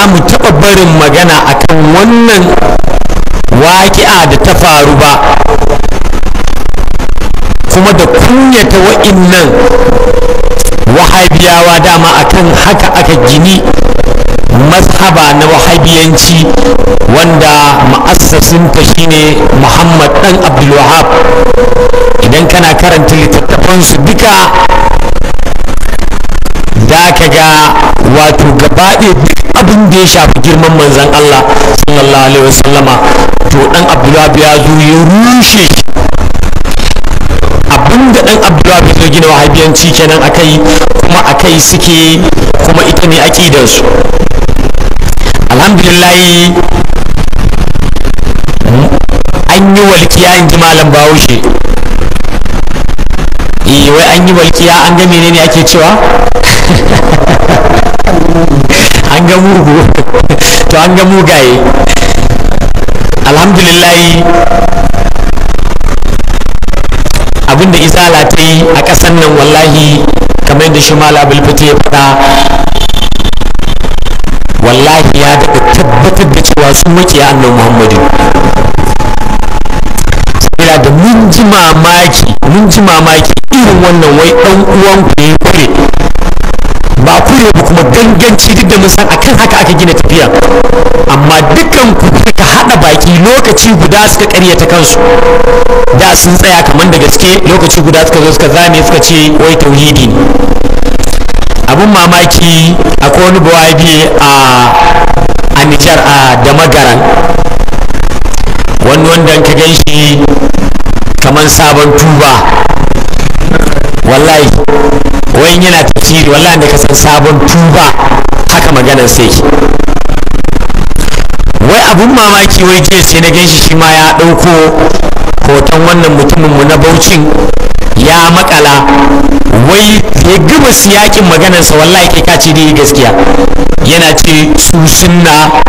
za mu taɓa barin magana a kan wannan waƙi'a da ta faru ba kuma da kunyata wa'innan wahabiyawa dama a kan haka aka gini mazhaba na wahabiyanci wanda ma'assasinta shine muhammad dan abdulwahab idan kana karanta littattafansu duka da ka ga wato gabaɗe duk abin da ya shafi girman manzan Allah sallallahu alaihi wasallama to dan Abdullahi ya zo ya rushe abinda dan Abdullahi ya gina wahabiyanci kenan akai kuma akai suke kuma ita ne su alhamdulillah an yi walƙiya in ji malam bahaushe Eh, wai an yi walƙiya an ga menene ake cewa an ga mugu to an ga mugaye alhamdulillahi abinda izala ta yi a ƙasar nan wallahi kamar yadda shi mala fita ya fada wallahi ya daga tabbatar da cewa sun makiya annabi muhammadu da mun ji mamaki mun ji mamaki irin wannan wai dan uwan ku ya kure ba kure ba kuma ganganci duk da mun san akan haka aka gina tafiya amma dukkan ku suka hada baki lokaci guda suka karyata kansu da sun tsaya kamar da gaske lokaci guda suka zo suka zame suka ce wai tauhidi ne abun mamaki akwai wani bawabi a a nijar a damagaran wani wanda ka gan shi kamar sabon tuba wallahi wai yana tafsiri wallahi da kasan sabon tuba haka maganar sai wai abun mamaki wai jiya sai na ganshi shi ma ya ɗauko hoton wannan mutumin mu na baucin ya makala wai ya gama siyakin maganarsa wallahi kai ka ce dai gaskiya yana ce su sunna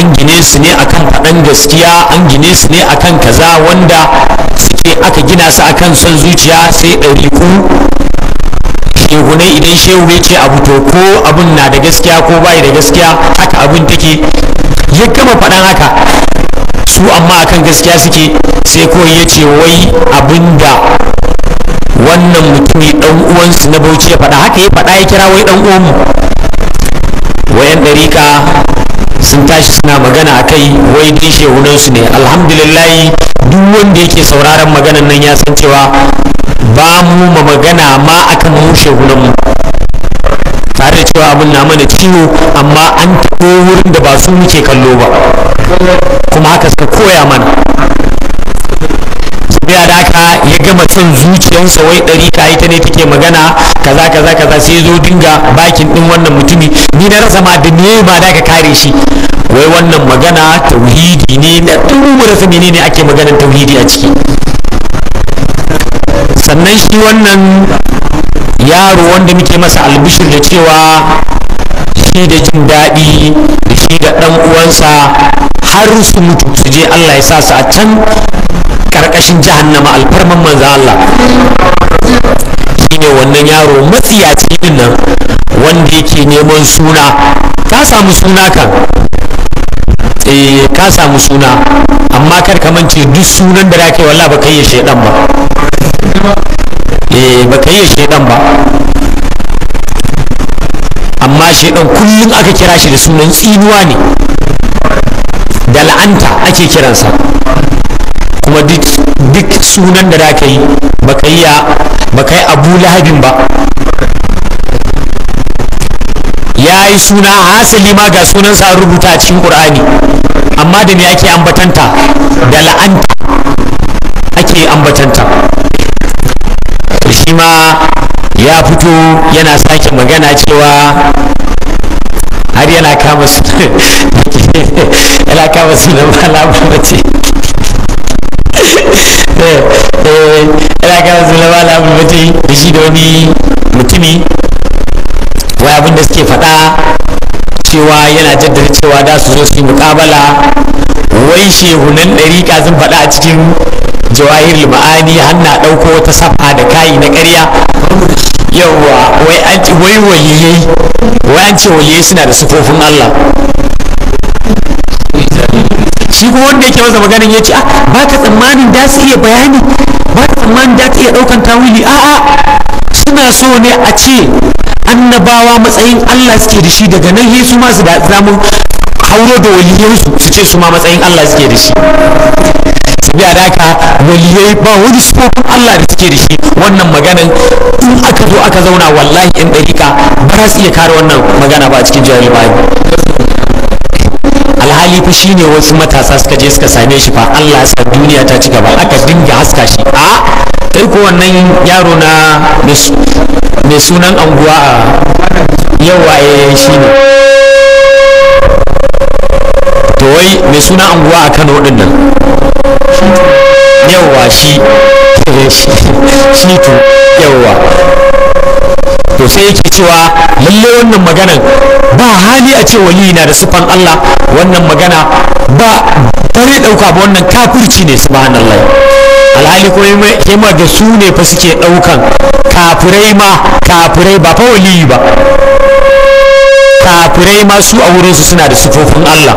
an gine su ne akan faɗan gaskiya an gine su ne akan kaza wanda suke aka gina su akan son zuciya sai ɗariku shehunai idan shehu ya ce abu to ko abun na da gaskiya ko bai da gaskiya haka abun take ya gama faɗan haka su amma akan gaskiya suke sai ko ya ce wai abin da wannan mutumi dan uwansu na bauchi ya faɗa haka ya faɗa ya kira wai dan uwanmu wayan ka. sun tashi suna magana a kai wai din shehunansu ne alhamdulillah duk wanda yake sauraron maganan nan ya san cewa ba mu ma magana ma akan mu shehunanmu tare da cewa abin na mana ciwo amma an taɓo wurin da ba su muke kallo ba kuma haka suka koya mana ya daka ya gama son zuciyarsa wai ɗari ka ita ne take magana kaza kaza kaza sai zo dinga bakin din wannan mutumi ni na rasa ma da ne ma da ka kare shi wai wannan magana tauhidi ne na dubu rasa menene ake magana tauhidi a ciki sannan shi wannan yaro wanda muke masa albishir da cewa shi da jin daɗi da shi da ɗan uwansa har su mutu su je Allah ya sa su a can karkashin jahannama alfarman manzo Allah shine wannan yaro matsiyaci din nan wanda yake neman suna ka samu suna kan eh ka samu suna amma kar ka mance duk sunan da zaka yi wallahi baka yi shedan ba eh baka yi shedan ba amma shedan kullum aka kira shi da sunan tsinuwa ne da la'anta ake kiransa kuma duk sunan da za yi ka yi abu lahabin ba ya yi suna hasali ma ga sunansa rubuta a cikin ƙur'ani amma da me ake ambatanta da la'anta ake ambatanta shi ma ya fito yana sake magana cewa har yana kama su yana kama su da malamu mace eh, eh, yana kama su da malamu mace da shi da wani mutumi wai abin da suke faɗa cewa yana jaddada cewa da su zo su yi muƙabala wai shehunan ɗariƙa sun faɗa a cikin jawahir ma'ani hanna ɗauko wata safa da kayi na ƙarya yawwa wai an ce wai waliyai wai an ce waliyai suna da sufofin Allah shi kuma wanda yake masa maganin ya ce a ah, ba ka tsammanin da su iya bayani ba ka tsammanin da su iya ɗaukan tawili a'a suna so ne a ce annabawa matsayin Allah suke da shi daga nan Yesu masu da samu Hauro da waliyansu su ce su ma matsayin Allah suke da shi sabiya da aka waliyai ba wani sufofin Allah da suke da shi wannan maganan in aka zo aka zauna wallahi in ɗarika ba za su iya kare wannan magana ba a cikin jihar alhali fa shine wasu matasa suka je suka same shi fa Allah ya sa duniya ta ci gaba aka dinga haska shi a sai ko wannan yaro na mai sunan anguwa a yawa shi ne akwai mai suna anguwa a kano din nan yawwa shi shi tu yawwa to sai yake cewa lalle wannan maganan ba hali a ce wali na da sufan Allah wannan magana ba tare dauka ba wannan kafirci ne subhanallah alhali kuma ma da su ne fa suke daukan kafirai ma kafirai ba fa wali ba kafirai ma su a wurin su suna da sufofin Allah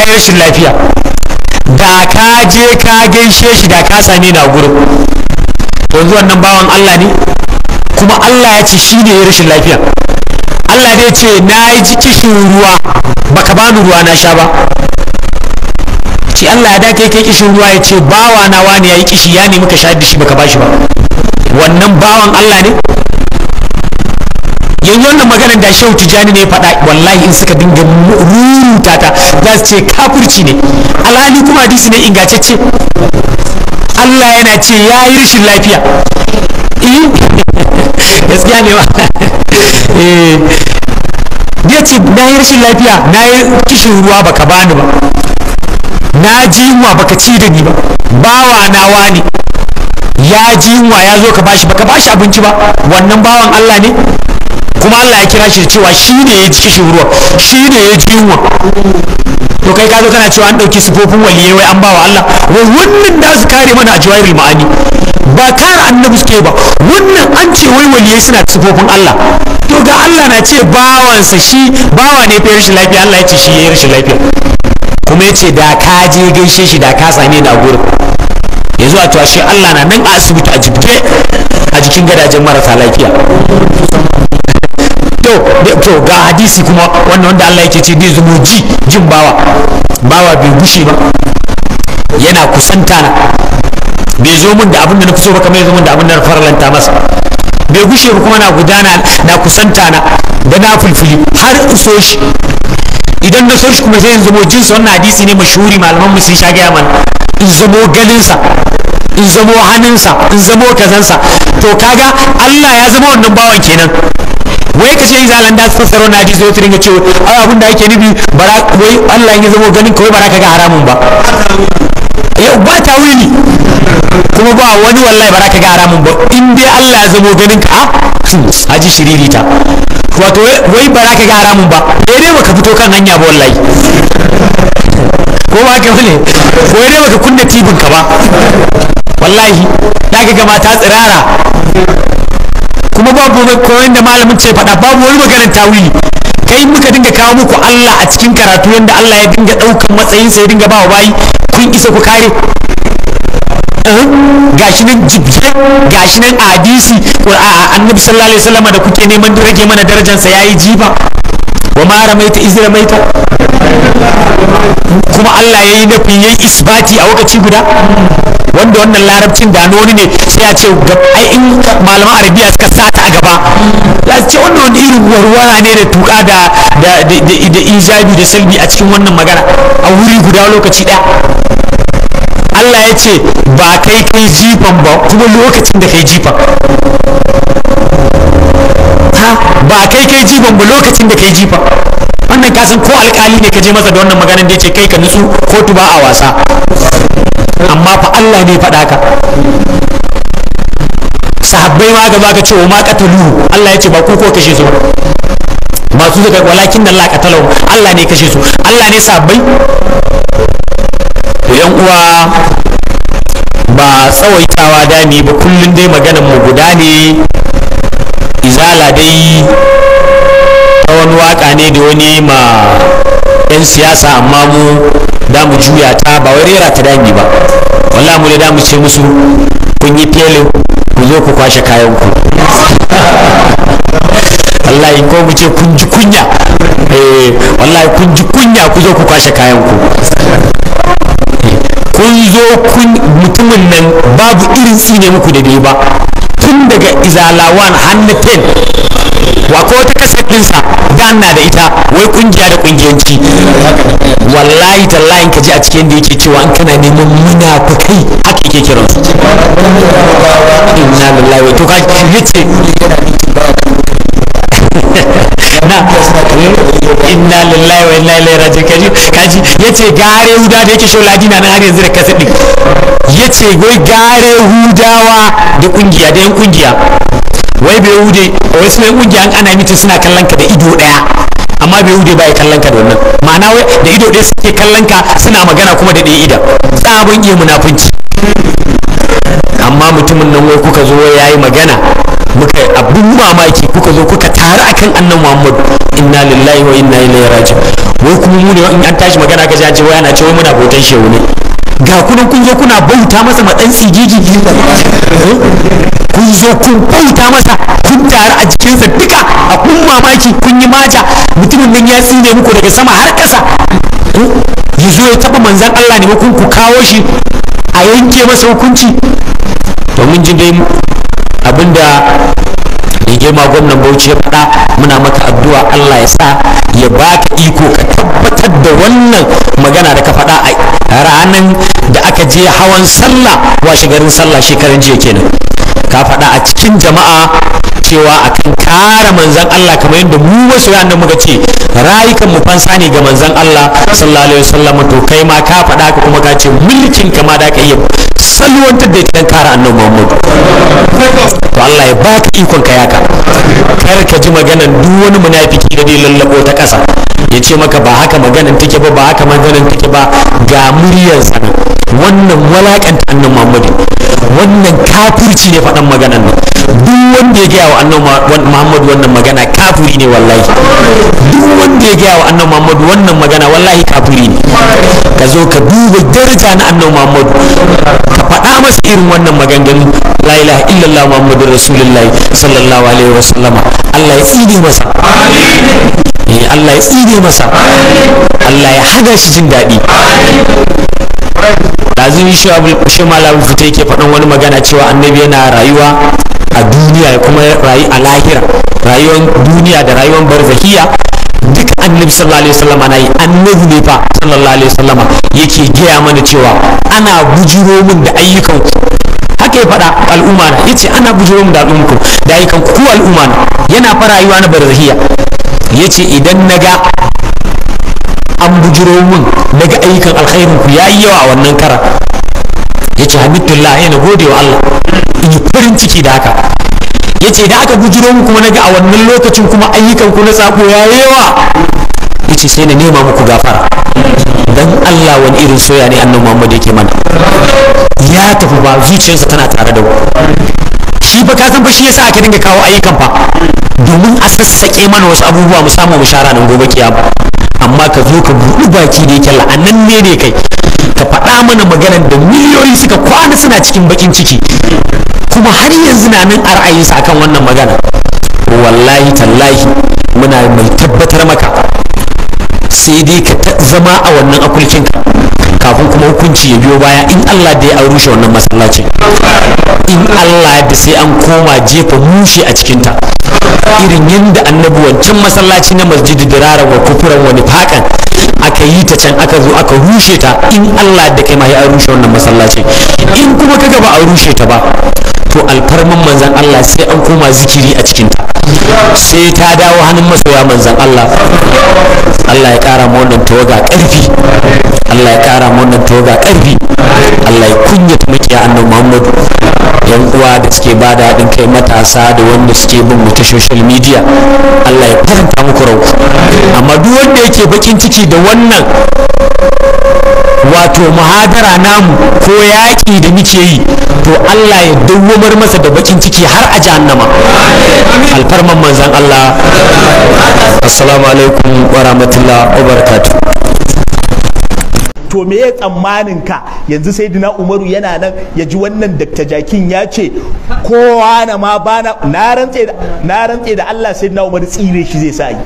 ya yi rashin lafiya da ka je ka gaishe shi da ka same na a gurin yanzu wannan bawan Allah ne kuma Allah ya ce shi ne ya rashin lafiya Allah ne ce na yi ji kishin ruwa baka bani ruwa na sha ba shi Allah ya dake kai kishin ruwa ya ce bawa na wani ya yi kishi ya nemi ka sha da shi baka bashi ba wannan bawan Allah ne yanzu wannan maganar da shehu tijani ne faɗa wallahi in suka dinga ruruta ta za su ce kafurci ne alhali kuma hadisi ne ingantacce Allah yana ce ya yi rashin lafiya eh, gaskiya ne ba eh, ya ce na yi rashin lafiya na yi kishin ruwa baka bani ba na ji yunwa baka ci da ni ba bawa na ne ya ji yunwa ya zo ka bashi baka bashi abinci ba wannan bawan Allah ne kuma Allah ya kira shi cewa shi ne ya shi ruwa shi ne ya ji yunwa to kai ka zo kana cewa an ɗauki sifofin waliyai wai an ba wa Allah wai wannan da su kare mana a jawairul ma'ani ba kare annabi suke ba wannan an ce wai waliyai suna sifofin Allah to ga Allah na ce bawansa shi bawa ne fa rashin lafiya Allah ya ce shi ya rashin lafiya kuma ya ce da ka je gaishe shi da ka same da a gurin yanzu a cewa shi Allah na nan a asibiti a jibge a jikin gadajen marasa lafiya to to ga hadisi kuma wannan wanda Allah yake ce zai zama ji jin bawa bawa bai gushe ba yana kusanta na bai zo min da abin da na kusa so ba kamar ya zo min da abin da na faralanta masa bai gushe kuma na gudana na kusanta na da na fulfuli har in so shi idan na san shi kuma sai in zamo sa wannan hadisi ne mashuri malaman mu sun sha gaya mana in zamo ganinsa in zamo hannunsa in zamo kazansa to kaga Allah ya zama wannan bawan kenan wai ka ce yi zalan da sassaro na hadisi zo ringa ce ai abin da ake nufi bara wai Allah ya zama ganin kawai bara ka ga haramun ba yau ba tawili kuma ba wani wallahi bara ka ga haramun ba in dai Allah ya zama ganin ka ah, haji shiririta wato wai ba za ka ga haramun ba dai dai baka fito kan hanya ba wallahi ko ba ka bane wai dai baka kunna tibin ka ba wallahi da ka ga mata tsirara kuma babu ko da malamin ce faɗa babu wani maganar tawili kai muka dinga kawo muku Allah a cikin karatu yadda Allah ya dinga ɗaukan matsayinsa ya dinga ba wa bayi kun isa ku kare gashi nan jibge gashi nan a annabi sallallahu alaihi wasallam da kuke neman rage mana sa yayi jiba wa ma ramaita iz ramaita kuma Allah yayi nafi yayi isbati a wakaci guda wanda wannan larabcin da noni ne sai ya ce ai in malaman arabiya suka sata a gaba za su ce wannan wani irin warwara ne da tuka da da ijabi da salbi a cikin wannan magana a wuri guda lokaci daya Allah ya ce ba kai kai jifan ba kuma lokacin da kai jifan ha ba kai kai jifan ba lokacin da kai jifan wannan kasan ko alkali ne ka je masa da wannan maganin da ya ce kai ka nutsu kotu ba a wasa amma fa Allah ne faɗa ka sahabbai ma gaba ka ce wa ma qataluhu Allah ya ce ba ku ko kashe su ba su suka walakin Allah qatalahu Allah ne kashe su Allah ne sahabbai ku yan uwa ba tsawaitawa dami ba kullum dai maganar mu guda ne izala dai ta wani waka ne da wani ma 'yan siyasa amma mu da mu juya ta ba wai rera ta dami ba wallah mu ne da mu ce musu kun yi fele ku zo ku kwashe kayan ku wallahi ko mu ce kun ji kunya eh wallahi kun ji kunya ku zo ku kwashe kayan ku kun zo kun mutumin nan babu irin tsine muku da ba tun daga izalawan hannu ten wa ko ta kasar ɗinsa da da ita wai kungiya da kungiyanci wallahi tallahi ka ji a cikin da yake cewa an kana neman kai haka yake kiransu inna lillahi to ka ce. na inna lillahi wa inna ilaihi raji'un kaji kaji yace gare huda da yake shola dina nan har yanzu da din yace wai gare hudawa da kungiya da yan kungiya wai bai hude wai su yan kungiya ana miti suna kallon ka da ido daya amma bai hude ba ya kallon ka da wannan ma'ana wai da ido daya suke kallon ka suna magana kuma da ɗaya ida tsabon iya munafunci amma mutumin nan wai kuka zo ya yi magana muka abin mamaki kuka zo kuka taru akan annan muhammad inna lillahi wa inna ilaihi raji wai kuma mu ne an tashi magana ka ce wai ana ce wai muna bautan shehu ne ga kunan kun zo kuna bauta masa matsan sigigi kun zo kun bauta masa kun taru a jikinsa duka a kun mamaki kun yi maja mutumin nan ya tsine muku daga sama har kasa ya zo ya taɓa manzan Allah ne kun ku kawo shi a yanke masa hukunci domin ji dai abinda ya girma gwamnan bauchi ya faɗa muna maka addu'a allah ya sa ya baka iko ka tabbatar da wannan magana da ka faɗa a ranar da aka je hawan sallah washe garin sallah shekaran jiya kenan ka faɗa a cikin jama'a cewa kan kare manzan Allah kamar yadda mu wasu ranar muka ce rayukan mu fansa ne ga manzan Allah sallallahu alaihi wasallam to kai ma ka faɗa ka kuma ka ce mulkin ka ma da ka iya salwantar da kan kare annabi Muhammad to Allah ya baka ikon ka yaka kar ka ji maganan duk wani munafiki da dai lallabo ta ƙasa ya ce maka ba haka maganin take ba ba haka maganin take ba ga muryar sana wannan walakanta annan muhammadu wannan kafirci ne faɗan maganan nan duk wanda ya gaya wa annan muhammadu wannan magana kafiri ne wallahi duk wanda ya gaya wa annan muhammadu wannan magana wallahi kafiri ne ka zo ka duba daraja na annan muhammadu ka faɗa masa irin wannan maganganu la ilaha illallah muhammadu rasulullahi sallallahu alaihi wasallama Allah ya tsine masa Allah ya tsire masa Allah ya hada shi jin daɗi lazim shi abul kushe malamin fita yake faɗan wani magana cewa annabi yana rayuwa a duniya kuma rayu a lahira rayuwar duniya da rayuwar barzakiya duk annabi sallallahu alaihi wasallama na yi annabi ne fa sallallahu alaihi wasallama yake gaya mana cewa ana bujiro min da ayyukan ku haka ya faɗa al'umma na yace ana bujiro min da al'umma ku da ayyukan ku al'umma na yana fa rayuwa na barzakiya ya ce idan na ga an bujiro min na ga ayyukan alkhairin ku ya yi yawa a wannan kara ya ce hamidullah gode wa Allah in yi farin ciki da haka ya ce da aka bujiro mu kuma na ga a wannan lokacin kuma ayyukan ku na sako ya yi yawa ya ce sai na nema muku gafara dan Allah wani irin soya ne annan Muhammad yake mana ya tafi ba zuciyarsa tana tare da ku shi fa ka san fa shi yasa aka dinga kawo ayyukan fa domin a sassake mana wasu abubuwa mu samu mu shara nan gobe kiyama amma ka zo ka buɗi baki da yake la'annan ne ne kai ka faɗa mana maganar da miliyoyi suka kwana suna cikin bakin ciki kuma har yanzu na nan a ra'ayinsa akan wannan magana wallahi tallahi muna mai tabbatar maka sai dai ka zama a wannan akulkinka kafin kuma hukunci ya biyo baya in Allah da ya an rushe wannan masallacin in Allah da sai an koma jefa mushe a cikinta irin yadda annabi wancan masallaci na masjidi rara wa kufuran wani fakan aka yi ta can aka zo aka rushe ta in Allah da kai ma ya rushe wannan masallacin in kuma kaga ba a rushe ta ba to alfarman manzan Allah sai an koma zikiri a cikinta sai ta dawo hannun masoya manzan Allah Allah ya kara ma wannan tawaga karfi Allah ya kara kara wannan toga ƙarfi Allah ya kunyata makiya annabi Muhammad yan uwa da suke ba da haɗin kai matasa da wanda suke bin mu ta social media Allah ya faranta muku rauku amma duk wanda yake bakin ciki da wannan wato muhadara namu ko yaƙi da muke yi to Allah ya dawwamar masa da bakin ciki har a jahannama alfarman manzan Allah assalamu alaikum wa rahmatullah wa barakatuh to me ya tsammanin ka yanzu sai dina umaru yana nan ya ji wannan dakta jakin ya ce kowa na ma bana na rantse da Allah sai dina umaru tsire shi zai sa yi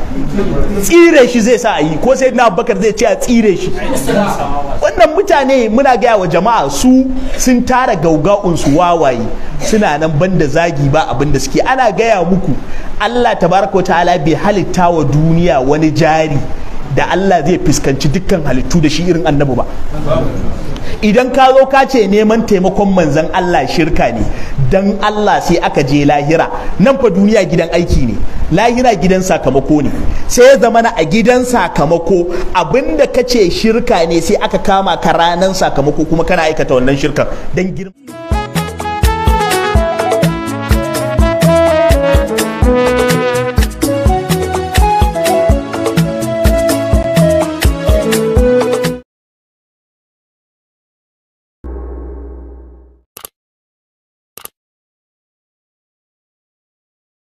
tsire shi zai sa yi ko sai dina bakar zai ce a tsire shi wannan mutane muna gaya wa jama'a su sun tara gauga'un su wawaye suna nan banda zagi ba abin da suke ana gaya muku Allah tabaraka wa ta'ala bai halitta wa duniya wani jari da Allah zai fuskanci dukkan halittu da shi irin annabu ba idan ka zo ka ce neman taimakon manzan Allah shirka ne dan Allah sai aka je lahira nan fa duniya gidan aiki ne lahira gidan sakamako ne sai ya zamana a gidan sakamako abinda ka ce shirka ne sai aka kama ka ranar sakamako kuma kana aikata wannan shirka. dan girma